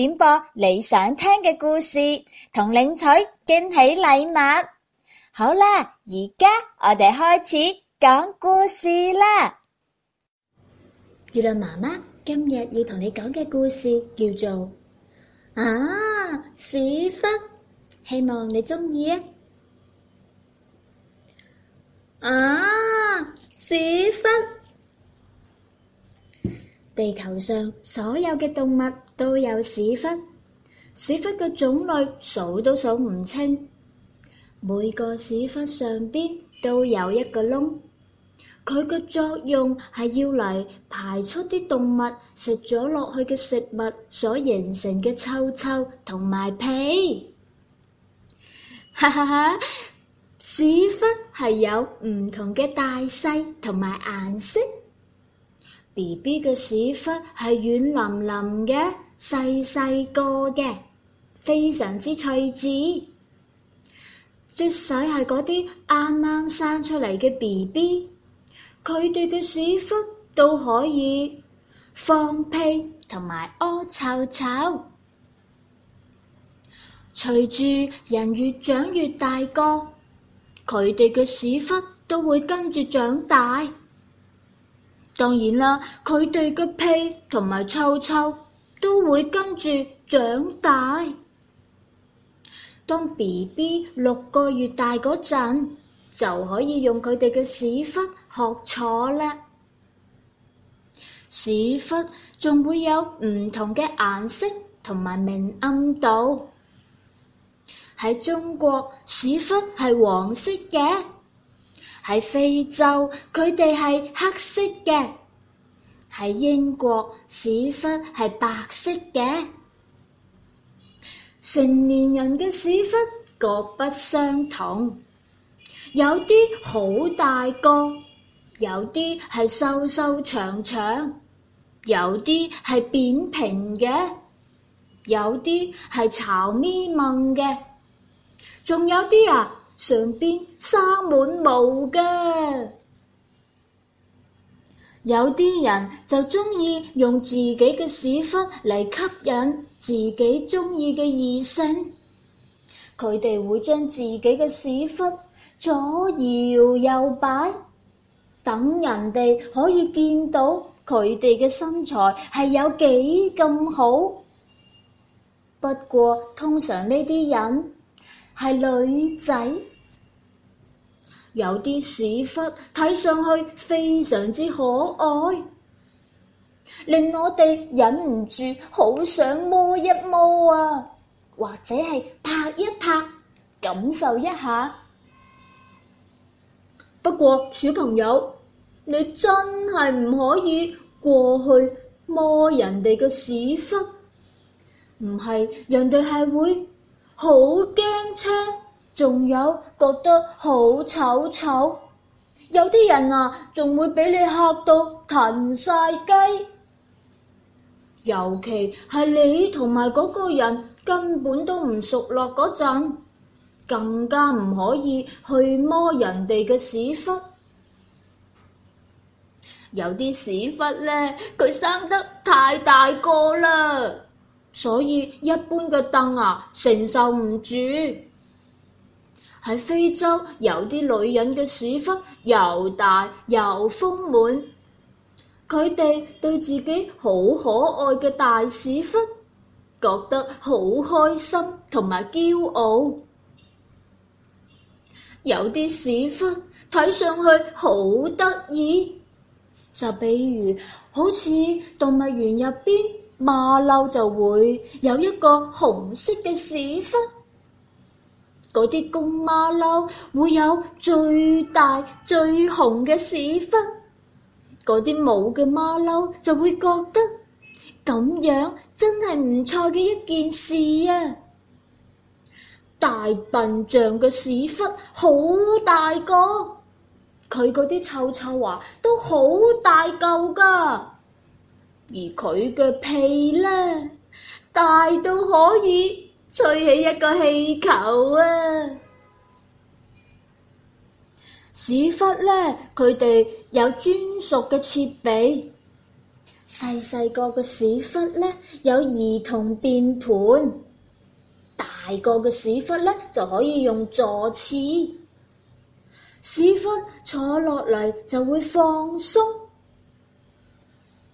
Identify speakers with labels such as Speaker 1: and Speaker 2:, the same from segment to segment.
Speaker 1: 點播你想聽嘅故事，同領取驚喜禮物。好啦，而家我哋開始講故事啦。月亮媽媽今日要同你講嘅故事叫做《啊屎忽》，希望你鍾意啊。啊屎忽！地球上所有嘅動物都有屎忽，屎忽嘅種類數都數唔清。每個屎忽上邊都有一個窿，佢嘅作用係要嚟排出啲動物食咗落去嘅食物所形成嘅臭臭同埋屁。哈哈哈，屎忽係有唔同嘅大細同埋顏色。B B 嘅屎忽係軟腍腍嘅，細細個嘅，非常之脆緻。即使係嗰啲啱啱生出嚟嘅 B B，佢哋嘅屎忽都可以放屁同埋屙臭臭。隨住人越長越大個，佢哋嘅屎忽都會跟住長大。當然啦，佢哋嘅屁同埋臭臭都會跟住長大。當 BB 六個月大嗰陣，就可以用佢哋嘅屎忽學坐咧。屎忽仲會有唔同嘅顏色同埋明暗度。喺中國，屎忽係黃色嘅。喺非洲，佢哋係黑色嘅；喺英國，屎忽係白色嘅。成年人嘅屎忽各不相同，有啲好大個，有啲係瘦瘦長長，有啲係扁平嘅，有啲係巢咪孟嘅，仲有啲啊！上邊生滿毛嘅。有啲人就中意用自己嘅屎忽嚟吸引自己中意嘅異性，佢哋會將自己嘅屎忽左搖右擺，等人哋可以見到佢哋嘅身材係有幾咁好。不過通常呢啲人係女仔。有啲屎忽睇上去非常之可愛，令我哋忍唔住好想摸一摸啊，或者係拍一拍，感受一下。不過小朋友，你真係唔可以過去摸人哋嘅屎忽，唔係人哋係會好驚青。仲有覺得好醜醜，有啲人啊，仲會俾你嚇到騰晒雞。尤其係你同埋嗰個人根本都唔熟落嗰陣，更加唔可以去摸人哋嘅屎忽。有啲屎忽咧，佢生得太大個啦，所以一般嘅凳啊，承受唔住。喺非洲，有啲女人嘅屎忽又大又豐滿，佢哋對自己好可愛嘅大屎忽覺得好開心同埋驕傲。有啲屎忽睇上去好得意，就比如好似動物園入邊馬騮就會有一個紅色嘅屎忽。嗰啲公馬騮會有最大最紅嘅屎忽，嗰啲母嘅馬騮就會覺得咁樣真係唔錯嘅一件事啊！大笨象嘅屎忽好大個，佢嗰啲臭臭啊都好大嚿㗎，而佢嘅屁呢大到可以，吹起一個氣球啊！屎忽咧，佢哋有專屬嘅設備。細細個嘅屎忽咧，有兒童便盆；大個嘅屎忽咧，就可以用坐廁。屎忽坐落嚟就會放鬆，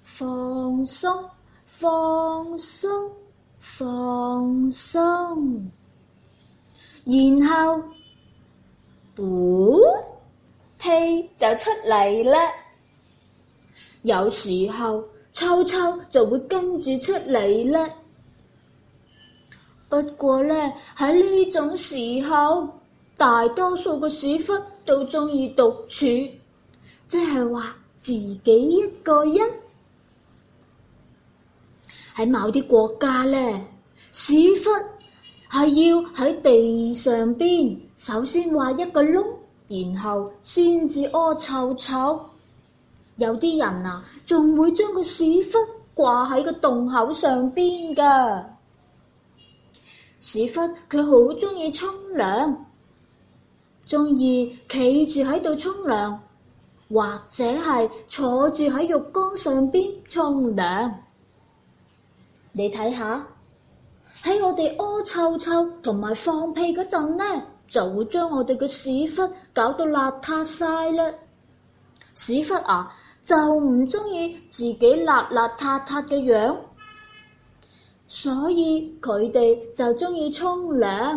Speaker 1: 放鬆，放鬆，放鬆。放鬆，然後，噗、哦、屁就出嚟啦。有時候，臭臭就會跟住出嚟咧。不過呢，喺呢種時候，大多數嘅屎忽都中意獨處，即係話自己一個人。喺某啲國家咧，屎忽係要喺地上邊，首先挖一個窿，然後先至屙臭臭。有啲人啊，仲會將個屎忽掛喺個洞口上邊噶。屎忽佢好鍾意沖涼，鍾意企住喺度沖涼，或者係坐住喺浴缸上邊沖涼。你睇下，喺我哋屙臭臭同埋放屁嗰陣呢，就會將我哋嘅屎忽搞到邋遢晒啦。屎忽啊，就唔中意自己邋邋遢遢嘅樣，所以佢哋就中意沖涼，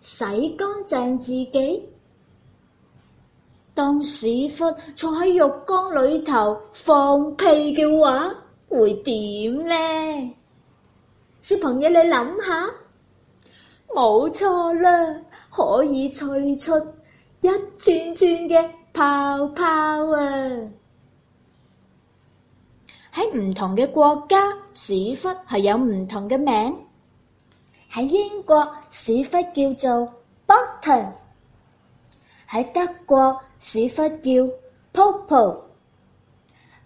Speaker 1: 洗乾淨自己。當屎忽坐喺浴缸裏頭放屁嘅話。會點呢？小朋友，你諗下，冇錯啦，可以吹出一串串嘅泡泡啊！喺唔同嘅國家，屎忽係有唔同嘅名。喺英國，屎忽叫做 bottom；喺德國，屎忽叫 popo。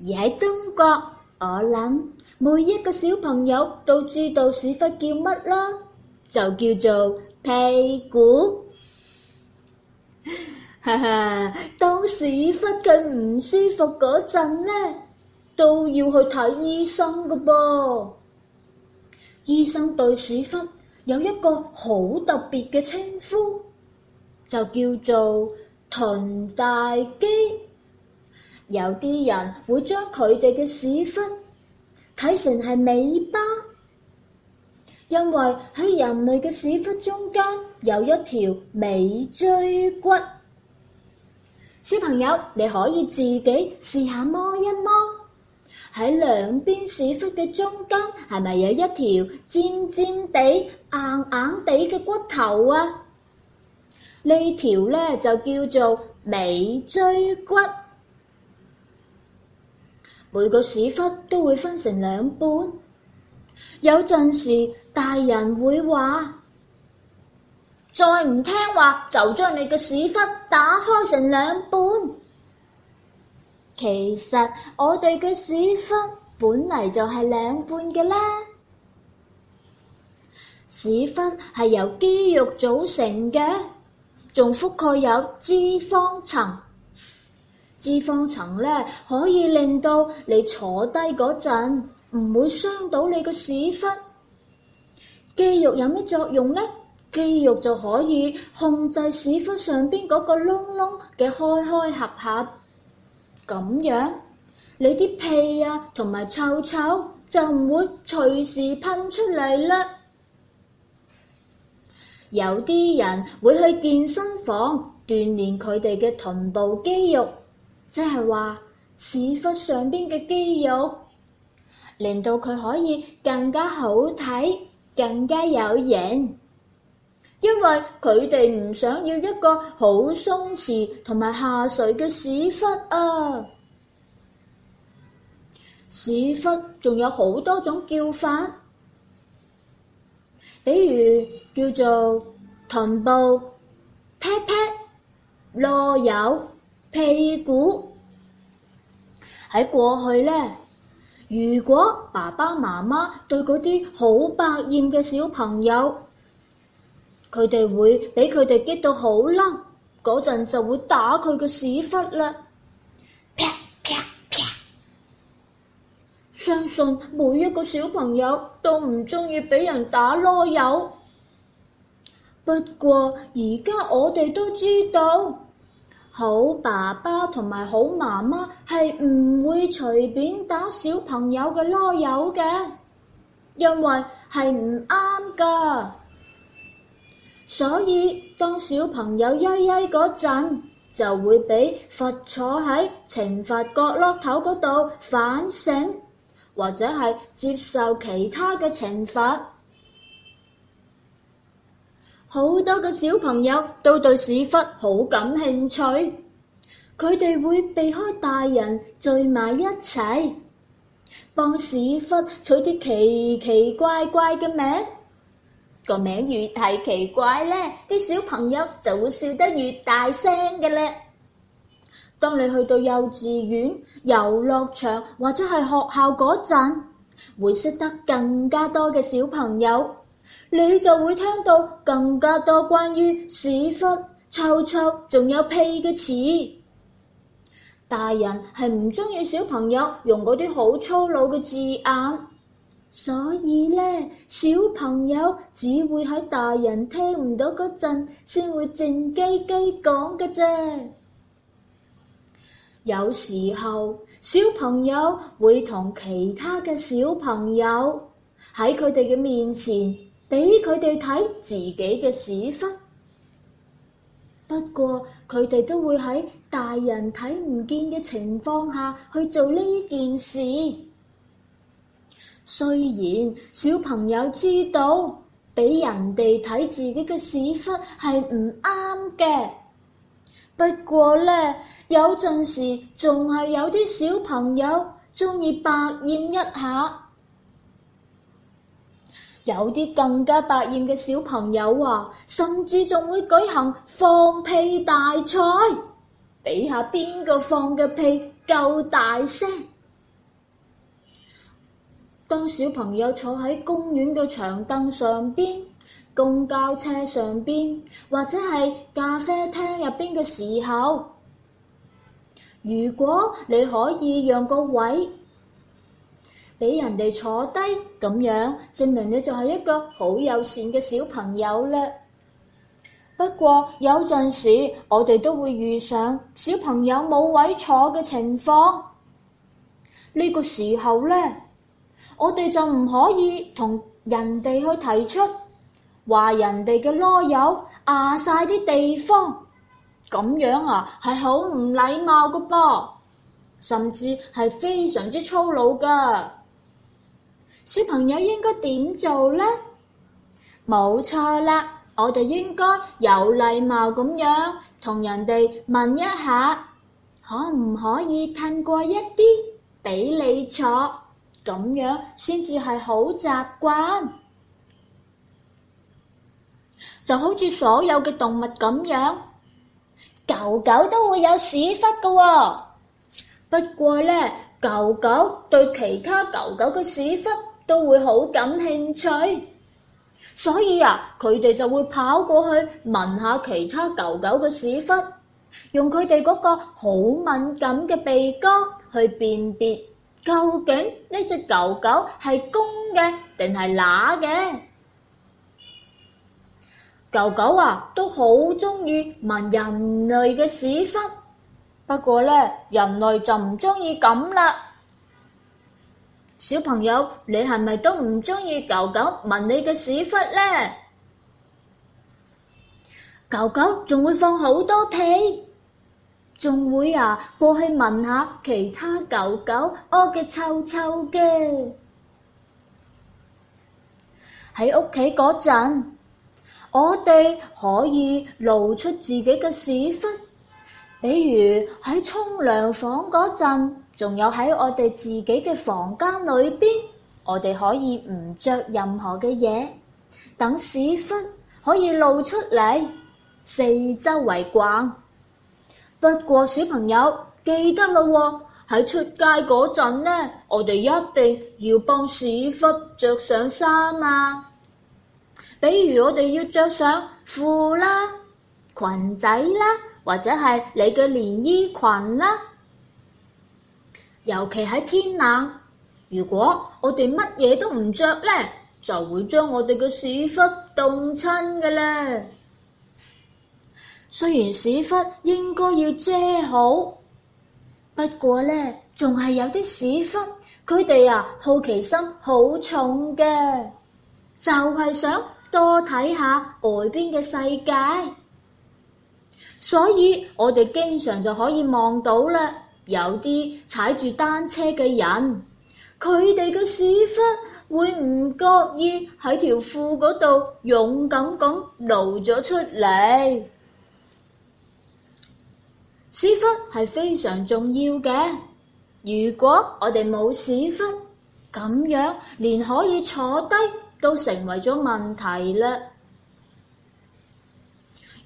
Speaker 1: 而喺中國，我諗每一個小朋友都知道屎忽叫乜啦，就叫做屁股。哈哈，當屎忽佢唔舒服嗰陣呢，都要去睇醫生噶噃。醫生對屎忽有一個好特別嘅稱呼，就叫做臀大肌。有啲人會將佢哋嘅屎忽睇成係尾巴，因為喺人類嘅屎忽中間有一條尾椎骨。小朋友，你可以自己試下摸一摸，摸，喺兩邊屎忽嘅中間係咪有一條尖尖地、硬硬地嘅骨頭啊？條呢條咧就叫做尾椎骨。每個屎忽都會分成兩半，有陣時大人會話：再唔聽話就將你嘅屎忽打開成兩半。其實我哋嘅屎忽本嚟就係兩半嘅啦。屎忽係由肌肉組成嘅，仲覆蓋有脂肪層。脂肪層呢，可以令到你坐低嗰陣唔會傷到你個屎忽。肌肉有咩作用呢？肌肉就可以控制屎忽上邊嗰個窿窿嘅開開合合，咁樣你啲屁啊同埋臭臭就唔會隨時噴出嚟啦。有啲人會去健身房鍛煉佢哋嘅臀部肌肉。即係話屎忽上邊嘅肌肉，令到佢可以更加好睇，更加有型。因為佢哋唔想要一個好鬆弛同埋下垂嘅屎忽啊！屎忽仲有好多種叫法，比如叫做臀部、劈劈、籮柚、落油屁股喺過去呢，如果爸爸媽媽對嗰啲好百厭嘅小朋友，佢哋會俾佢哋激到好嬲，嗰陣就會打佢個屎忽啦。啪啪啪！相信每一個小朋友都唔中意俾人打囉柚。不過而家我哋都知道。好爸爸同埋好媽媽係唔會隨便打小朋友嘅囉柚嘅，因為係唔啱㗎。所以當小朋友曳曳嗰陣，就會俾罰坐喺懲罰角落頭嗰度反省，或者係接受其他嘅懲罰。好多嘅小朋友都對屎忽好感興趣，佢哋會避開大人聚埋一齊，幫屎忽取啲奇奇怪怪嘅名。個名越係奇怪咧，啲小朋友就會笑得越大聲嘅咧。當你去到幼稚園、遊樂場或者係學校嗰陣，會識得更加多嘅小朋友。你就會聽到更加多關於屎忽、臭臭，仲有屁嘅詞。大人係唔中意小朋友用嗰啲好粗魯嘅字眼，所以呢，小朋友只會喺大人聽唔到嗰陣先會靜雞雞講嘅啫。有時候小朋友會同其他嘅小朋友喺佢哋嘅面前。俾佢哋睇自己嘅屎忽，不過佢哋都會喺大人睇唔見嘅情況下去做呢件事。雖然小朋友知道俾人哋睇自己嘅屎忽係唔啱嘅，不過呢，有陣時仲係有啲小朋友鍾意百厭一下。有啲更加百厭嘅小朋友話，甚至仲會舉行放屁大賽，比下邊個放嘅屁夠大聲。當小朋友坐喺公園嘅長凳上邊、公交車上邊，或者係咖啡廳入邊嘅時候，如果你可以讓個位，俾人哋坐低咁樣，證明你就係一個好友善嘅小朋友啦。不過有陣時，我哋都會遇上小朋友冇位坐嘅情況。呢個時候咧，我哋就唔可以同人哋去提出話人哋嘅籮柚，壓晒啲地方，咁樣啊係好唔禮貌嘅噃，甚至係非常之粗魯噶。小朋友應該點做呢？冇錯啦，我哋應該有禮貌咁樣同人哋問一下，可唔可以褪過一啲俾你坐？咁樣先至係好習慣。就好似所有嘅動物咁樣，狗狗都會有屎忽㗎喎。不過呢，狗狗對其他狗狗嘅屎忽，都會好感興趣，所以呀，佢哋就會跑過去聞下其他狗狗嘅屎忽，用佢哋嗰個好敏感嘅鼻哥去辨別究竟呢隻狗狗係公嘅定係乸嘅。狗狗呀，都好鍾意聞人類嘅屎忽，不過呢，人類就唔鍾意噉啦。小朋友，你係咪都唔中意狗狗聞你嘅屎忽咧？狗狗仲會放好多屁，仲會啊過去聞下其他狗狗屙嘅臭臭嘅。喺屋企嗰陣，我哋可以露出自己嘅屎忽，比如喺沖涼房嗰陣。仲有喺我哋自己嘅房間裏邊，我哋可以唔着任何嘅嘢，等屎忽可以露出嚟，四周圍逛。不過小朋友記得啦，喺出街嗰陣呢，我哋一定要幫屎忽着上衫啊！比如我哋要着上褲啦、裙仔啦，或者係你嘅連衣裙啦。尤其喺天冷，如果我哋乜嘢都唔着呢，就會將我哋嘅屎忽凍親噶啦。雖然屎忽應該要遮好，不過呢仲係有啲屎忽，佢哋啊好奇心好重嘅，就係想多睇下外邊嘅世界，所以我哋經常就可以望到啦。有啲踩住單車嘅人，佢哋嘅屎忽會唔覺意喺條褲嗰度勇敢咁露咗出嚟。屎忽係非常重要嘅，如果我哋冇屎忽，咁樣連可以坐低都成為咗問題啦。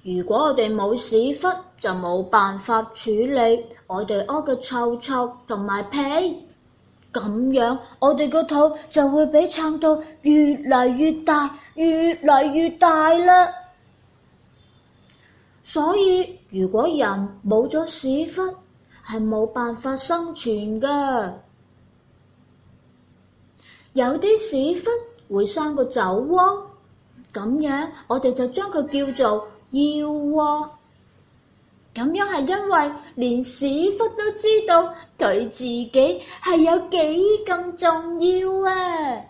Speaker 1: 如果我哋冇屎忽，就冇辦法處理我哋屙嘅臭臭同埋屁。咁樣我哋個肚就會俾撐到越嚟越大，越嚟越大啦。所以如果人冇咗屎忽，係冇辦法生存㗎。有啲屎忽會生個酒窩，咁樣我哋就將佢叫做。要喎，咁樣係因為連屎忽都知道佢自己係有幾咁重要啊！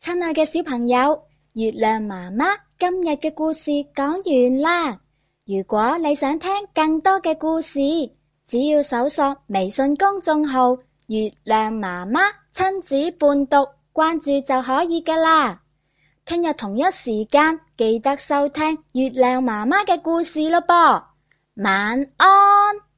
Speaker 1: 親愛嘅小朋友，月亮媽媽今日嘅故事講完啦。如果你想聽更多嘅故事，只要搜索微信公眾號《月亮媽媽親子伴讀》，關注就可以㗎啦。聽日同一時間記得收聽月亮媽媽嘅故事咯，啵。晚安。